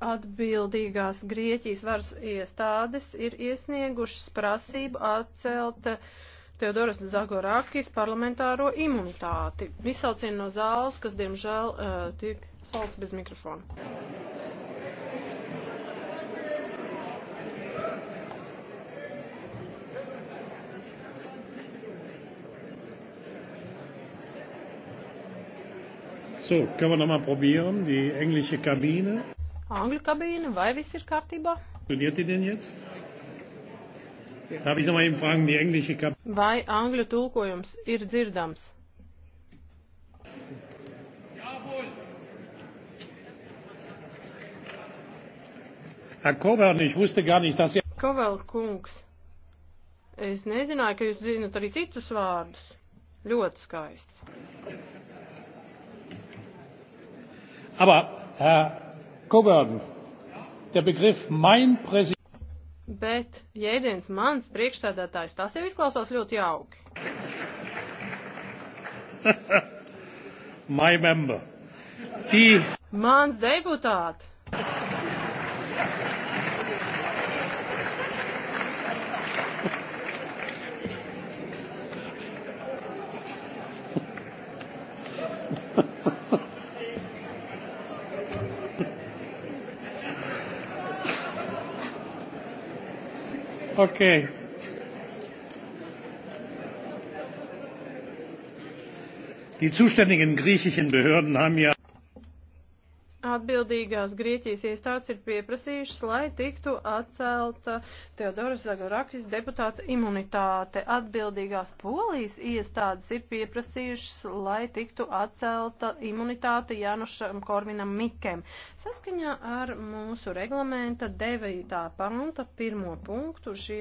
Atbildīgās Grieķijas varas iestādes ir iesniegušas prasību atcelt Teodoras Zagorakis parlamentāro imunitāti. Izsaucien no zāles, kas diemžēl uh, tiek saukt bez mikrofona. So, können wir nochmal probieren, die englische Kabine angļu kabīne, vai viss ir kārtībā? Vai angļu tulkojums ir dzirdams? Herr Coburn, ich wusste gar nicht, dass Sie... Kovel kungs, es nezināju, ka jūs zinat arī citus vārdus. Ļoti skaisti. Aber, Herr Coburn, der Begriff mein Präsident. Bet jēdziens mans priekšsēdētājs, tas jau izklausās ļoti jauki. My member. Die... Mans deputāts. Okay. Die zuständigen griechischen Behörden haben ja Atbildīgās Grieķijas iestādes ir pieprasījušas, lai tiktu atcelta Teodoras Zagorakis deputāta imunitāte. Atbildīgās Polijas iestādes ir pieprasījušas, lai tiktu atcelta imunitāte Janušam Korvinam Mikem. Saskaņā ar mūsu reglamenta 9. panta 1. punktu šī